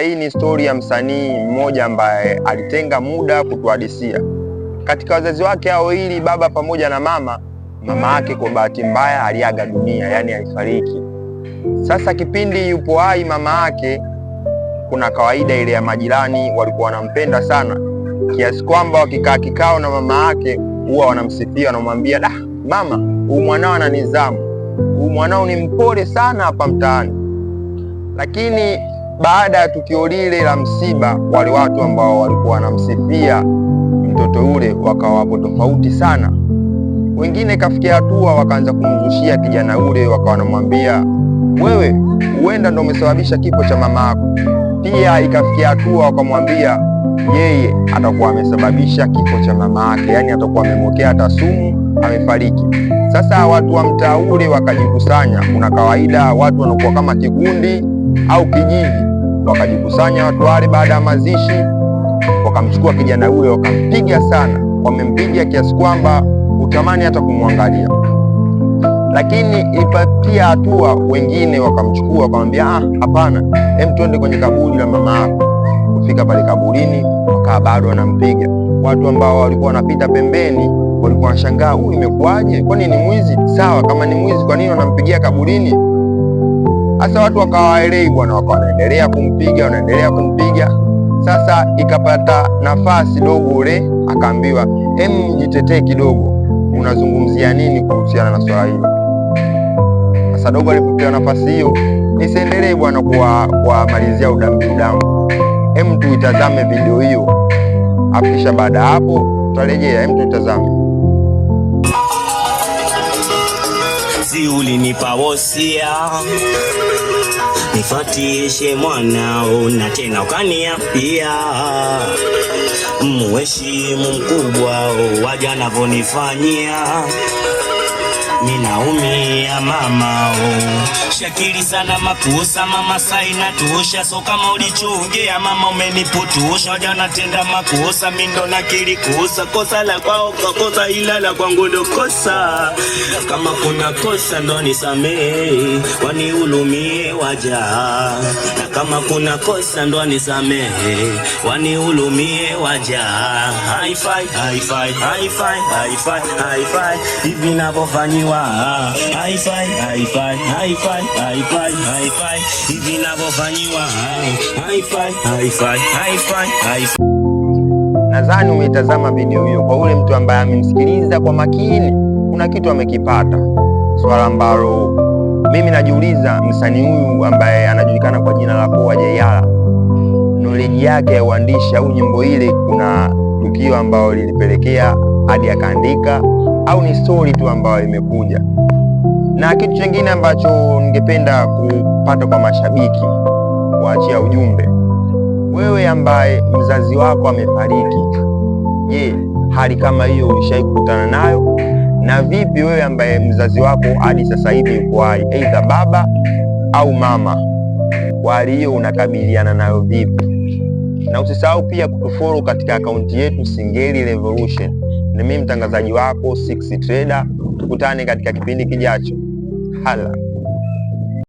Hii ni stori ya msanii mmoja ambaye alitenga muda kutuhadisia. Katika wazazi wake hao wawili, baba pamoja na mama, mama yake kwa bahati mbaya aliaga dunia, yaani alifariki. Sasa kipindi yupo hai mama yake kuna kawaida ile ya majirani walikuwa wanampenda sana, kiasi kwamba wakikaa kikao na mama yake huwa wanamsifia, wanamwambia da, mama, huu mwanao ana nidhamu, huu mwanao ni mpole sana hapa mtaani. Lakini baada ya tukio lile la msiba, wale watu ambao walikuwa wanamsifia mtoto ule wakawa wapo tofauti sana. Wengine kafikia hatua wakaanza kumzushia kijana ule, wakawa wanamwambia wewe huenda ndo umesababisha kifo cha mama yako pia ikafikia hatua wakamwambia yeye atakuwa amesababisha kifo cha mama yake, yaani atakuwa amemokea hata sumu, amefariki. Sasa watu wa mtaa ule wakajikusanya, kuna kawaida watu wanakuwa kama kikundi au kijiji, wakajikusanya watu wale baada ya mazishi, wakamchukua kijana ule wakampiga sana, wamempiga kiasi kwamba utamani hata kumwangalia lakini ipatia hatua wengine wakamchukua wakamwambia, ah, hapana, hem, twende kwenye kaburi la mama yako. Kufika pale kaburini, wakaa bado wanampiga. Watu ambao walikuwa wanapita pembeni walikuwa wanashangaa, huyu imekuwaje? Kwani ni mwizi? Sawa, kama ni mwizi, kwa nini wanampigia kaburini? hasa watu wakawaelei bwana, wakawa wanaendelea kumpiga, wanaendelea kumpiga. Sasa ikapata nafasi dogo, ule akaambiwa, hem, jitetee kidogo, unazungumzia nini kuhusiana na swala hilo? dogo alipopewa nafasi hiyo, nisiendelee bwana kuwamalizia udamu. Hem, tuitazame video hiyo, akisha baada hapo tutarejea. Hem, tuitazame. Ulinipa wosia nifatishe mwanao na tena ukaniapia muheshimu mkubwa wajanavonifanyia ninaumia mama o oh. Shakiri sana makusa mama saina tuusha so kama ulichongea mama umeniputusha jana natenda makusa mindo na kilikusa kosa la kwao kwa kosa ila la kwangu ndo kosa kama kuna kosa ndo nisamehe wanihulumie waja na kama kuna kosa ndo nisamehe wanihulumie waja haifai haifai haifai haifai haifai hivi navyofanyiwa kuwa Nadhani umeitazama video hiyo, kwa ule mtu ambaye amemsikiliza kwa makini, kuna kitu amekipata, swala ambalo mimi najiuliza, msanii huyu ambaye anajulikana kwa jina la Poa Jayala, noleji yake ya uandishi au nyimbo ile, kuna tukio ambalo lilipelekea hadi akaandika au ni stori tu ambayo imekuja. Na kitu kingine ambacho ningependa kupata kwa mashabiki kuachia ujumbe, wewe ambaye mzazi wako amefariki, je, hali kama hiyo ulishawahi kukutana nayo? Na vipi wewe ambaye mzazi wako hadi sasa hivi yuko hai, aidha baba au mama, kwa hali hiyo unakabiliana nayo vipi? Na usisahau pia kutufollow katika akaunti yetu Singeli Revolution. Ni mimi mtangazaji wako Six Trader, tukutane katika kipindi kijacho. Hala.